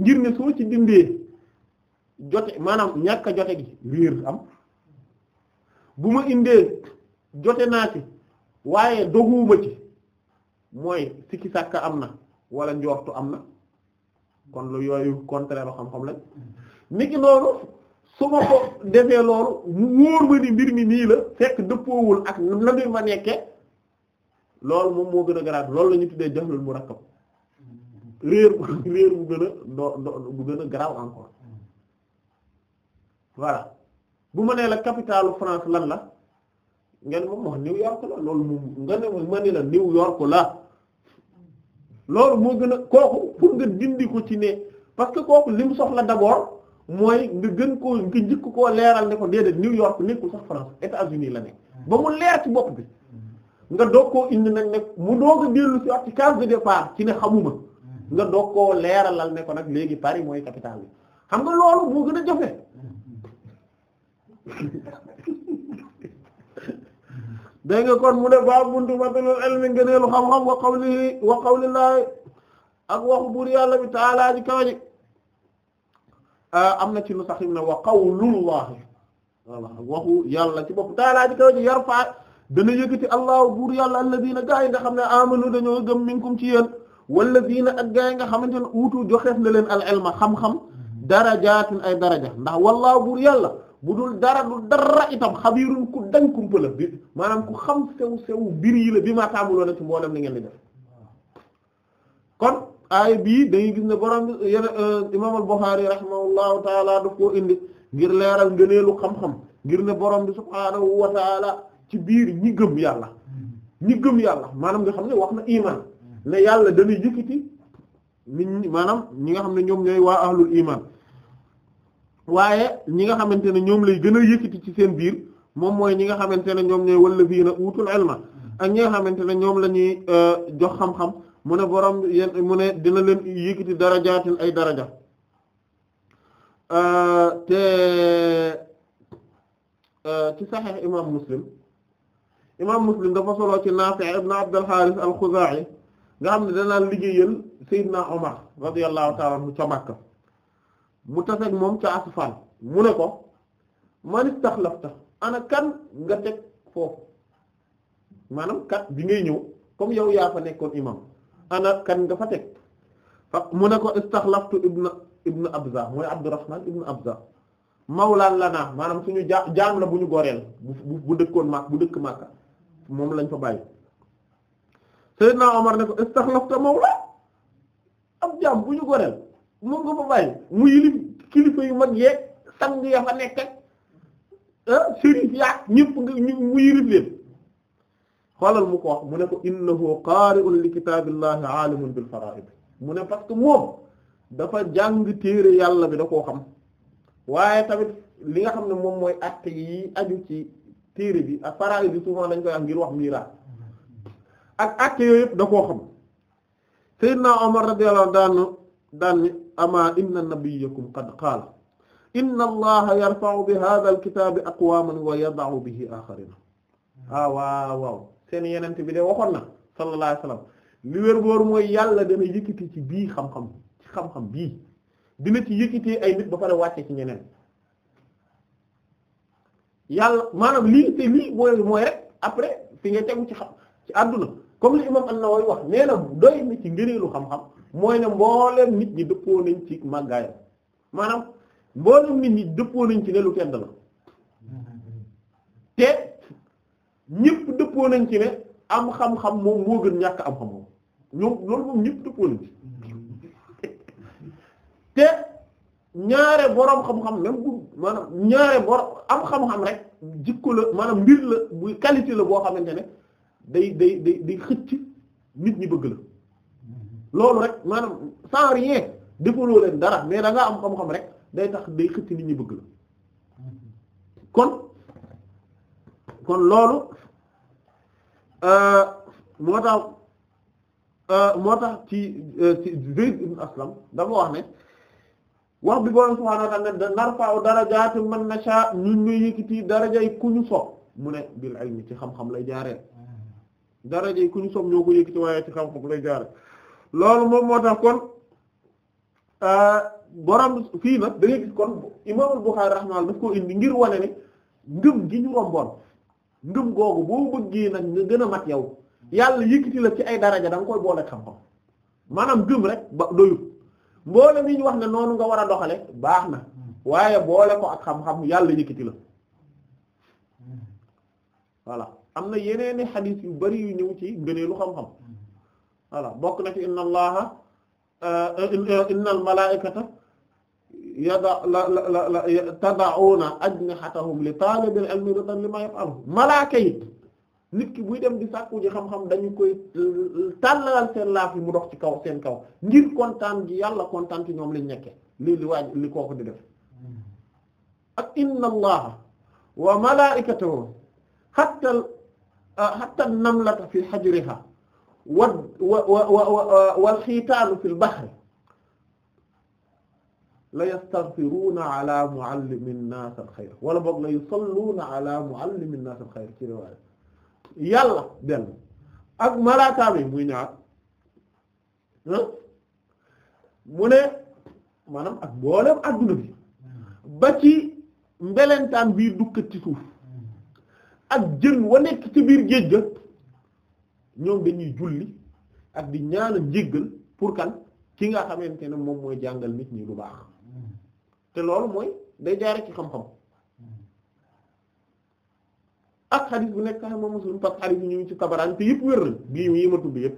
ngir ne soo ci dindee jote maanaam ñàkk a jote gi réer am bu ma indee jote naa ci waaye doguuma ci mooy sikki sàkka am na walla njortu am na kon lu yooyu contraire xam-xam lañ niki noonu su ma ko defee loolu mu wóor ma ni mbir mi nii la fekk dëppoowul ak na mbir ma nekke loolu moom moo gën a garaat loolu lañu ñu tuddee jaxlul murakkab réer réer bu gën a do do bu gën a garaaw encore voilà bu ma nee la capitalu France lan la ngeen moom wax New York la loolu moom nga ne ma ne la New York la loolu moo gën a kooku pour nga dindi ko ci ne parce que kooku li mu soxla d'abord mooy nga gën koo nga jikk ko leeral ne ko déedéet New York nekkul sax France États-Unis la nekk ba mu leer ci bopp bi nga doog ko indi nag ne mu doog a dellu ci wax ci case de départ ci ne xamuma nga doog koo leeralal ne ko nag léegi Paris mooy capitale bi xam nga loolu moo gën a jafe dégg nga kon mu ne baa buntu matalul elmi wa qawli wa qawlillaahi ak waxu buur yàlla bi taalaa ji kawaji ah, am na ci nu sax im ne wa qawlullaahi walla ak waxu yàlla ci bopp taalaa ji kawaji yar faa dana yëkkati allahu buur yàlla alladina gaa yi nga xam ne amanu dañoo gëm minkum ci yéen walladina ak gaa yi nga xamante ne uutu joxeef na leen al ilma xam-xam ay daraja ndax buur yàlla bu dul dara du dara itam xabiirun ku dañ kumpa la bi maanaam ku xam sew sew biir yi la bi ma tàmbuloo na ci mboolem li ngeen di def kon aaya bii dañuy gis ne borom yene euh, imaam al-Bukhari rahimahullahu taala daf ko indi ngir leeral ngëneelu xam-xam ngir ne borom bi subhaanahu wa ci biir ñi gëm yàlla ñi gëm yàlla maanaam nga xam ne wax na iman ne yàlla dana yëkkati nit maanaam ñi nga xam ne ñoom ñooy waa ahlul iman waaye ñi nga xamante ne ñoom lay gën a yëkkati ci seen biir moom mooy ñi nga xamante ne ñoom ñooy na utul ilma ak ñi nga xamante ne ñoom la ñuy euh, jox xam-xam mu ne borom yéen dina leen yëkkati darajaatin ay daraja euh, te euh, ci saxiix imaam muslim imaam muslim dafa solo ci Naafi' ibn Abd al-Haaris nga xam ne danaan liggéeyal Seydina Omar radiyallahu ta'ala anhu ca Makka. mu taseeg moom ca asfaan mu ne ko man istaxlafta ana kan nga teg foofu maanaam kat bi ngay ñëw comme yow yaa fa nekkoon imam ana kan nga fa teg mu ne ko istaxlaftu ibn ibn abza mooy abdurrahman ibn abza mawlan lana maanaam suñu jaa jaam la bu ñu goreel bu bu dëkkoon maak bu dëkk Makka moom lañ fa bàyyi sayyidna Omar ne ko istaxlafta mawla ab jaam bu ñu goreel moom nga fa bàyyi mu yilif kilifa yu mag yee sang ya fa nekk ah sëriñ yaag ñëpp nga mu yilif leen xoolal mu ko wax mu ne ko innahu qari'un li kitaabillahi alimun mu ne parce que moom dafa jàng téere yàlla bi da koo xam waaye tamit li nga xam ne moom mooy acte yi aju ci téere bi ak fara'id bi souvent dañ koy am ngir wax miraas ak acte yooyu da koo xam Seydina Omar radiyallahu anhu daan daan ama inna nabiyyakum qad qaala inna allaha yarfa'u bi hadha alkitaabi aqwaman wa yada'u bihi axarina ah waaw waaw seen yenent bi de waxoon na sallallahu alayhi wasallam li wér boor mooy yàlla dana yëkkati ci bii xam-xam ci xam-xam bii dina ci yëkkati ay nit ba pare wàcce ci ñeneen yàlla maanaam lii te lii mooy mooy rek après fi nga tegu ci xam ci àdduna comme li imam na nawawi wax nee na doy na ci ngëneelu xam-xam mooy ne mbooleem nit ñi dëppoo nañ ci màggaayam maanaam mbooleem nit ñi dëppoo nañ ci ne lu tedd la te ñëpp dëppoo nañ ci ne am xam-xam moom moo gën ñàkk am xam moom ñoom loolu moom ñëpp dëppoo nañ ci te ñaare boroom xam-xam même bu maanaam ñaare boroom am xam-xam rek jikko la maanaam mbir la buy qualité la boo xamante ne day day day day xëcc nit ñi bëgg la loolu rek maanaam sans rien defaloo leen dara mais da am xam-xam rek day tax day xëcc nit ñi bëgg la kon kon loolu euh, moo tax euh, moo tax ci euh, ci Zayd ibn Aslam dafa wax ne wax bi boroom subhaanahu wa ta'aala narfa'u darajaati man nashaa ñun ñuy yëkkati darajay ku ñu so mu ne bil ilmi ci xam-xam lay jaaree daraja yi ku ñu soog ñoo ko yëkkati waaye ci xam-xam lay jaare loolu moom moo tax kon borom fii nag da ngay gis kon imaamul Buxaari rahmaal daf koo indi ngir wane ne ngëm gi ñu romboon ngëm googu boo bëggee nag nga gën a mat yow yàlla yëkkati la ci ay daraja da koy boole xam-xam maanaam ngëm rek ba doyut mboolem yi ñu wax ne noonu nga war a doxale baax na waaye boole ko ak xam-xam yàlla yëkkati la voilà. am na yeneen yeneeni xadis yu bari yu ñëw ci gëneelu xam-xam voilà bokk na ci inna allaha euh, inna al malaikata yada la la la tada'una ajnihatahum li talibil ilmi ridan li ma yaf'alu malaaka nit ki buy dem di sàkku ji xam-xam dañu koy euh, tàllalal seen laaf yi mu dox ci kaw seen kaw ngir kontaan gi yàlla kontaan ci ñoom lañ nekke lii li waaj li kooku di def ak inna allaha wa malaikatahu hatta Ah, hatta namlata fi hajriha wa wa wa wal xiitaanu fil bahri la yastaghfiruuna ala muallimin naas al xayr wala boog la yusalluuna ala muallimin naas al xayr ci riwaaya yàlla benn ak malaaka bi muy ñaar hmm? mu ne maanaam ak mboolem adduna bi ba ci mbelentaan bii dukkat ci suuf ak jën wa nekk ci biir géej ga ñoom dañuy julli ak di ñaan njéggal pour kan ki nga xamante ne moom mooy jàngal nit ñi lu baax te loolu mooy day jaare ci xam-xam ak xadis bu nekk sax moom mosul parce que xadis ñu ci tabaraan te yëpp wér nañ bii yi ma tudd yëpp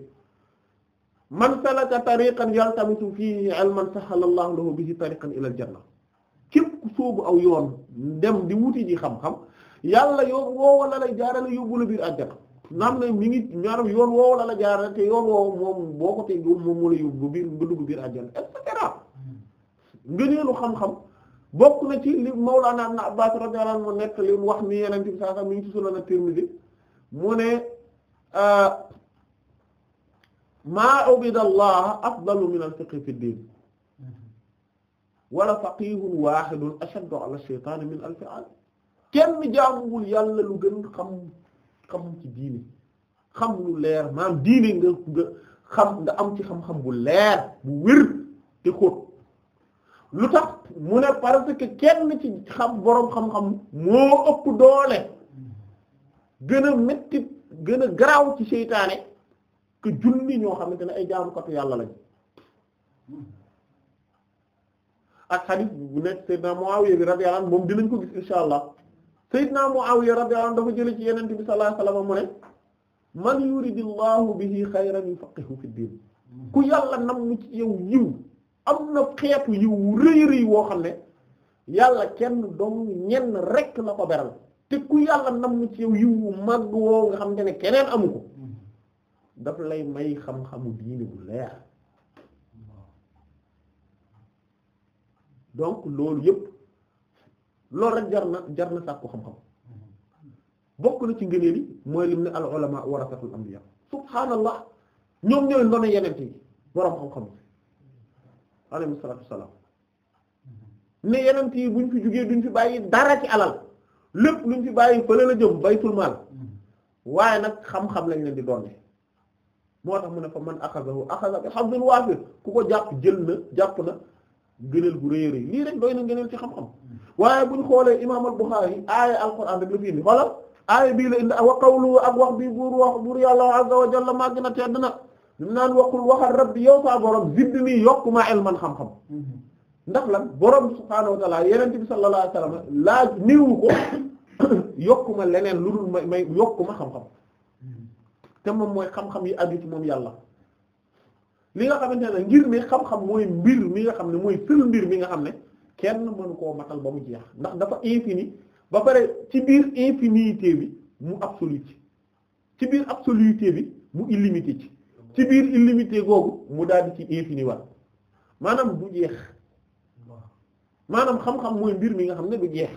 man salaka tariqan yaltamisu fihi ilman sahala Allahu lahu bihi tariqan ila al janna képp ku sóobu aw yoon dem di wuti ji xam-xam yàlla yoon woowa la lay jaarale yóbbu la biir àjjana naam ne mi ngi maanaam yoon woowa la la jaarale te yoon woowa moom boo ko tey moom moo la yóbbu biir nga dugg biir àjjana et cetera ngëneelu xam-xam bokk na ci li Mawlana Ibn Abbas radiyallahu anhu nekk leen wax ni yeneen ci saa saa mi ngi ci Sunan Tirmidhi mu ne maa ubida Allah afdalu min al-fiqhi fi ad-din wala faqihun wahidun ashaddu ala ash-shaytan min alfi alim kenn jaamuwul yàlla lu gën xam xam ci diine xam lu leer maanaam diine nga nga xam nga am ci xam-xam bu leer bu wér te xóot lu tax mu ne parce que kenn ci xam boroom xam-xam moo ëpp doole gën a metti gën a garaaw ci seytaane que junni ñoo xamante ne ay jaamukatu yàlla lañ ak xadiis bu nekk Seydina Muawiya bi radiyallahu anhu moom dinañ ko gis insha allah Seydina Muawiya radiyallahu anhu dafa jële ci Yonent bi sallallahu alayhi wasallam mu ne man yuridillahu bihi xayran yufaqihu fi diin ku yàlla nam ci yow yiw am na xeetu yiw rëy rëy woo xam ne yàlla kenn dong ñenn rekk la ko beral te ku yàlla nam ci yow yiw wu màgg woo nga xam ne keneen amu ko daf lay may xam-xamu diine bu leer donc loolu yépp loolu rek jar na jar na sàkku xam-xam bokk na ci ngëneel yi mooy lim ne al ulama warasatul anbiya subhaanallah ñoom ñooy ndono yeneen yi borom xam-xam alayhi salaatu wassalaam ne yeneen yi buñ fi jugee duñ fi bàyyi dara ci alal lépp luñ fi bàyyi fële la jëm baytul maal waaye nag xam-xam lañ leen di doon moo tax mu ne fa man axasahu axasa bi xam waafir ku ko jàpp jël na jàpp na ngëneel gu rëy a rëy lii rek doy na ngëneel ci xam waaye bu ñu xoolee imaam al-Bukhari aaya alxuraan fi indi xoolal aaya bii la indi wa qawlu ak wax bi buur wax buur yàlla azza wa jalla màgg na tedd na ñu naan waqul waxal rabbi yow saa borom zidni yokk ma ilman xam-xam ndax lan borom subhaanahu wa ta'ala yonent bi sallallahu alayhi wa laaj niwu ko yokk ma leneen lu dul may ma xam-xam te moom mooy xam-xam yi aju ci moom yàlla. li nga xamante ne ngir ne xam-xam mooy mbir mi nga xam ne mooy fil mbir mi nga xam ne kenn mënu koo matal ba mu jeex ndax dafa infini ba pare ci biir infinité bi mu absolu ci biir absoluité bi mu illimité ci ci biir illimité googu mu daal di ci infini waat maanaam mu jeex maanaam xam-xam mooy mbir mi nga xam ne du jeex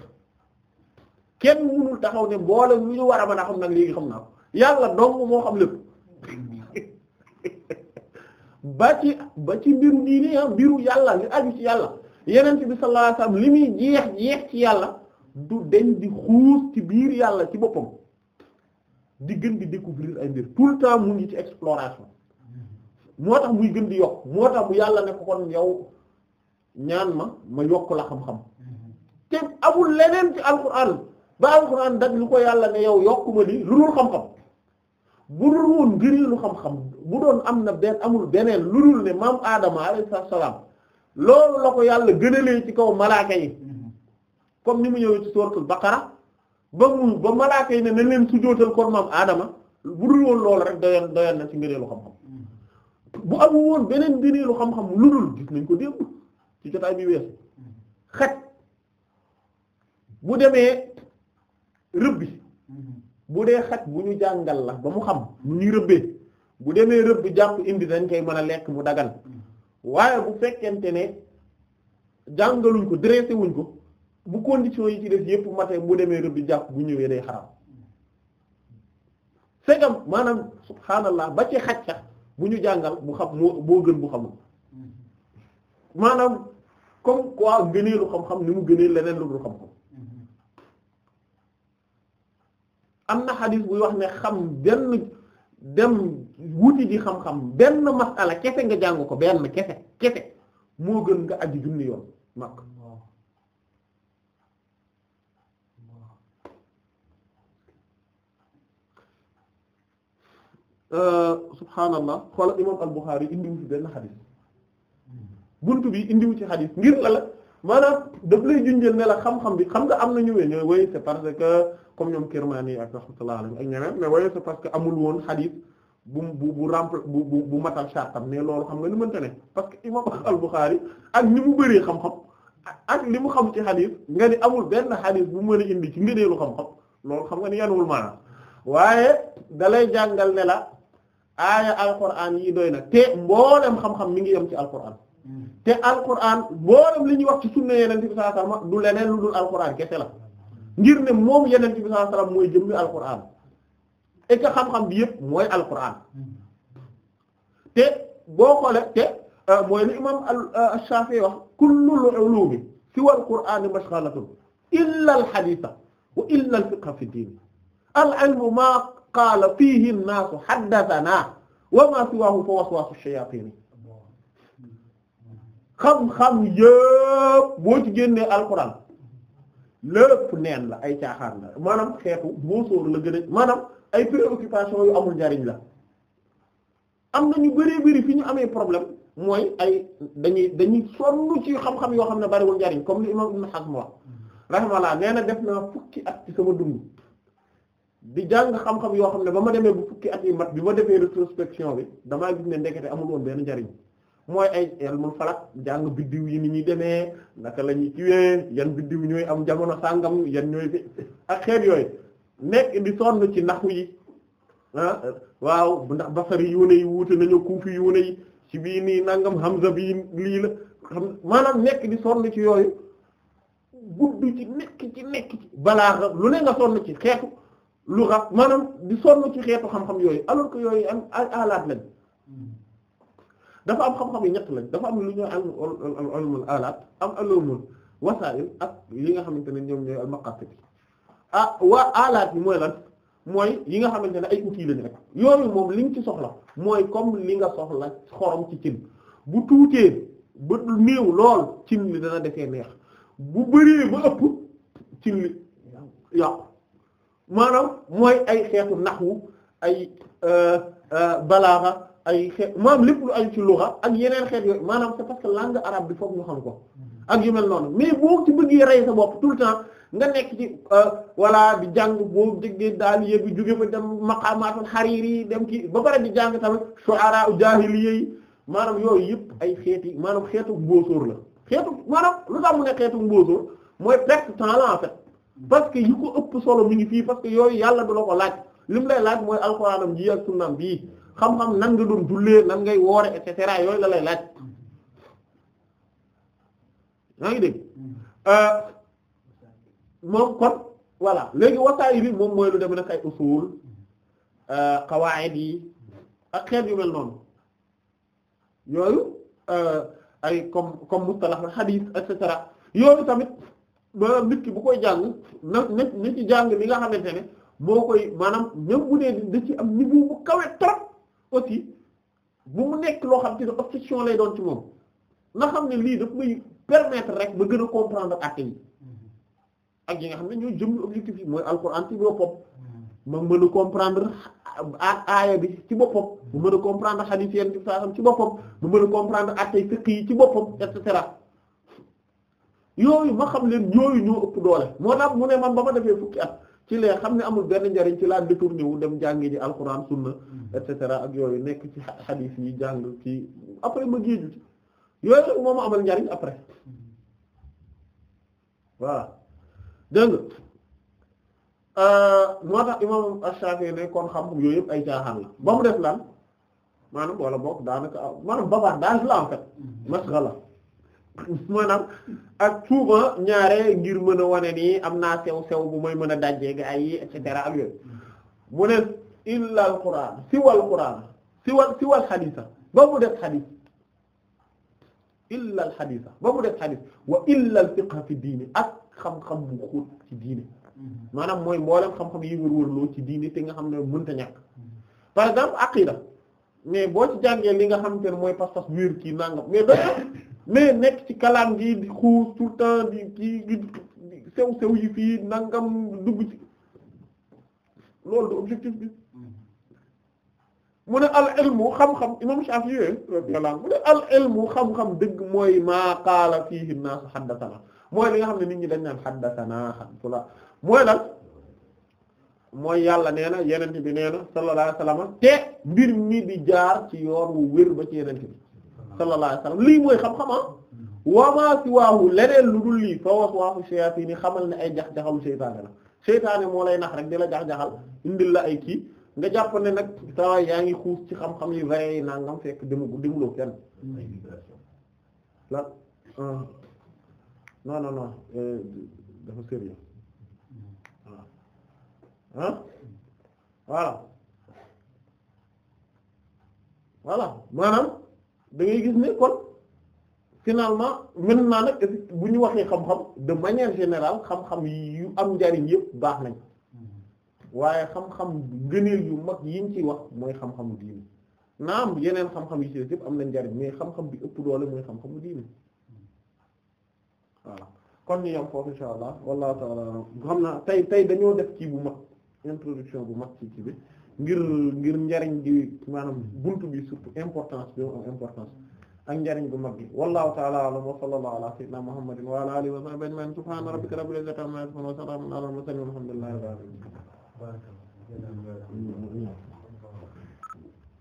kenn munul taxaw ne boole lu ñu war a mën a xam nag léegi xam naa ko yàlla dong moo xam lépp ba ci ba ci mbiru diine ah mbiru yàlla li aju ci yàlla yeneen bi sallallahu alayhi wasallam li muy jeex jeex ci yàlla du deñ di xuus ci biir yàlla ci boppam di gën di découvrir ay mbir tout le temps mu ngi ci exploration moo tax muy gën di yokk moo tax bu yàlla ne ko kon yow ñaan ma ma yokk la xam-xam te amul leneen ci alquran ba alquran dag lu ko yàlla ne yow yokk ma li lu dul xam-xam bu dul woon ngëneelu xam-xam bu doon am na benn amul beneen lu dul ne maam Adama alayhi salaam loolu la ko yàlla gënalee ci kaw malaaka yi mhm. comme ni mu ñëwee ci bakara baqara ba mu ba malaaka yi ne na leen sujootal kon maam aadama bu dul woon loolu rek doyoon doyoon na ci ngëneelu xam-xam mhm. bu amul woon beneen ngëneelu xam-xam lu dul gis nañ ko démb ci jotaay bi weesu mhm. xaj bu demee rëbbi bi bu dee xaj bu ñu jàngal la ba mu xam nu ñuy rëbbee bu demee rëbb jàpp indi dañ koy mën a lekk mu dagan waaye bu fekkente ne jàngaluñ ko dressé wuñ ko bu condition yi ci def yépp mate bu demee rëdd jàpp bu ñëwee day xaram segam maanaam subhaanallah ba ci xacca bu ñu jàngal bu xam moo boo gën bu xamul maanaam comme quoi gëneelu xam-xam ni mu gënee leneen lu dul xam-xam am na xadis buy wax ne xam benn dem wuti ji xam-xam benn masala kese nga jàng ko benn kese kese moo gën nga aji junni yoon mag euh, subhaanallah xoolal imaam al-Bukhari indiwu ci benn xadis buntu bi indiwu ci xadis ngir la la maanaam daf lay junjël ne la xam-xam bi xam nga am na ñu ne waaye c'est parce que comme ñoom Kirmani ak rahmatullah alayhi ak ñeneen mais waaye c'est parce que amul woon xadis bu bu bu rempli bu bu bu matal am mais loolu xam nga ni mënta ne parce que imam al-Bukhari ak ni mu bëree xam-xam ak li mu xam ci xadis nga ni amul benn xadis bu mën a indi ci ngëneelu xam-xam loolu xam nga ni yanuwul maanaam waaye dalay jàngal ne la aaya alquran yi doy na te mboolem xam-xam mi ngi yem ci alquran te alquran mboolem li ñuy wax ci sunna yeneen bi sallallahu alayhi du leneen lu dul alquran kese la ngir ne moom yeneen bi sallallahu alayhi wasallam mooy jëmmi alquran et que xam-xam bi yëpp mooy alquran te boo xoolee te euh, mooy li imam euh, Shafi'i wax kullul ulumi siwa alqur'ani mashghalatun illa alhaditha wa illa alfiqha fi din alilmu ma qaala fihi nnaasu haddathana wa ma siwahu fa waswasu shayatin xam-xam yëpp boo ci génnee alquran lépp neen la ay caaxaan la maanaam xeetu boo sóor la gën a maanaam ay préoccupation yu amul njariñ la am na ñu bëree bëri fi ñu amee problème mooy ay dañuy dañuy sonn ci xam-xam yoo xam ne bariwul njariñ comme li imam Ibn Hazm nee na def naa fukki at ci sama dund di jàng xam yoo xam ne ba ma demee bu fukki at yi mat bi ma defee rétrospection bi damaa gis ne ndekete amul woon benn njariñ mooy ay ilmul falak jàng biddiw yi ni ñuy demee naka la ñuy kiwee yan biddiw ñooy am jamono sàngam yan ñooy fi ak xeet yooyu nekk di sonn ci naxu yi ah waaw ndax basari yuune yi wuute nañu kuufi yuune yi ci bii nii nangam hamza bii lii la xam maanaam nekk di sonn ci yooyu gudd ci nekk ci nekk ci balaa lu ne nga sonn ci xeetu lu rab maanaam di sonn ci xeetu xam-xam yooyu alors que yooyu am alaat lañ dafa am xam-xam yi ñaq lañ dafa am lu ñuy al ulumul alaat am al ulumul wasaa'il ak li nga xamante ne ñoom ñooy al bi ah waa alaat yi mooy lan mooy yi nga xamante ne ay uti lañ rek yooyu moom li ci soxla mooy comme li nga soxla xorom ci cin bu tuutee ba néew lool cin li dana defee neex bu bëree ba ëpp cin li yàqu maanaam mooy ay xeetu wu ay euh, euh, balaaxa ay xeet maanaam lépp lu aju ci luxa ak yeneen xeet yooyu maanaam c'est parce que langue arabe bi foofu ñu xam ko ak yu mel noonu mais boo ci bëggee rey sa bopp tout le temps nga nekk ci euh, voilà di jàng boo déggee daal yéegi jóge fa dem maqaamaatul hariri dem kii ba pare di jàng tamit shu'ara jahiliyya yi maanaam yooyu yëpp ay xeeti maanaam xeetu mbóosóor la xeetu maanaam lu tax mu ne xeetu mbóosóor mooy perte temps la en fait que yi ko ëpp solo mi ngi fii parce que yooyu yàlla du la ko laaj li mu lay laaj mooy alxuraanam ji ak sunnaam bii xam-xam nan nga doon jullee nan ngay woore et yooyu la lay laaj yaa ngi dégg euh, moom kon voilà léegi wasaay bi moom mooy lu dem nag ay usul euh, qawaid yi ak xeet yu mel noonu yooyu euh, ay comme comme mustalah la xadiis et cetera yooyu tamit maanaam nit ki bu koy jàng na na nit ci jàng li nga xamante ne moo koy maanaam même bu dee da ci am niveau bu kawe trop aussi bu mu nekk loo xam te ne lay doon ci moom nga xam ne lii daf may permettre rek ba gën a comprendre acte ak yi nga xam ne ñoo jëm objectif yi mooy alxuraan ci boppam ma mën a comprendre aaya bi ci boppam ma mën a comprendre yi ci saa xam ci boppam ma mën a comprendre acte ci boppam et cetera yooyu ma xam leen yooyu ñoo ëpp doole moo tax mu ne man ba ma defee fukki at ci lee xam ne amul benn njariñ ci laa détourné wu dem jàngi ji alxuraan sunna et cetera ak yooyu nekk ci xadiis yi jàng ci après ma géeju yooyu moom amal njariñ après voilà dégg nga euh, moo tax imam Shafi'i ne kon xam yooyu yëpp ay caaxaan la ba mu def lan maanaam wala boog daanaka maanaam babaat daal la am fait la maanaam ak souvent ñaare ngir mën a wane nii am naa sew sew bu may mën a dajjee ga ay yi et cetera ak yooyu mu ne illa al quran siwal quran siwal siwal xadiisa ba mu def xadiis illa al xadiis ba mu def xadiis wa illa al fiqh fi diini ak xam-xam bu xóot ci diini mm-hmm. maanaam mooy mboolem xam-xam yi wër-wërloo ci diini te nga xam ne mënta ñàkk par exemple aqida mais boo ci jàngee li nga xam te ne mooy pas-pas wér kii nangam mais mais nekk ci kalaam gi di xuus tout le temps di kii sew sew yi fii nangam dugg ci loolu du objectif bi. mu ne al ilmu xam-xam imam Shafi'i radiyallahu mu ne al ilmu xam-xam dëgg mooy maa qaala fiihi an-naas haddathana mooy li nga xam ne nit ñi dañ naan haddathana haddathana mooy lan mooy yàlla nee na yenente bi nee na sallallahu alayhi wasallam te mbir mi di jaar ci yoon wu wér ba ci yenente bi sallallahu alayhi wasallam lii mooy xam-xam ah wa maa siwaahu leneen lu dul lii fa waswaahu shayatin xamal ne ay jax-jaxalu seytaane la seytaane moo lay nax rek di la jax-jaxal indil la ay kii nga jàpp ne nag saa yaa ngi xuus ci xam-xam yu vaillé yi nangam fekk demu demuloo kenn. la euh, non non non euh, dafa sérieux ah voilà voilà maanaam dangay gis ni kon finalement mën naa nag bu ñu waxee xam-xam de manière générale xam-xam yu am njariñ yëpp baax nañ. waaye xam-xam gëneel yu mag yiñ ci wax mooy xam-xamu diine naam yeneen xam-xam yi ci des yëpp am na njariñ mais xam-xam bi ëpp doole mooy xam-xamu diine voilà kon ñu yam foofu insha allah wallahu taala xam naa tey tey dañoo def ci bu mag introduction bu mag ci ci bi ngir ngir njariñ gi maanaam buntu bi surtout importance bi am importance ak njariñ bu mag gi wallahu taala alam wa sallallahu ala sayyidina muhammadin wa ala alihi wa sahbihi ajma'in subhana rabbika baraka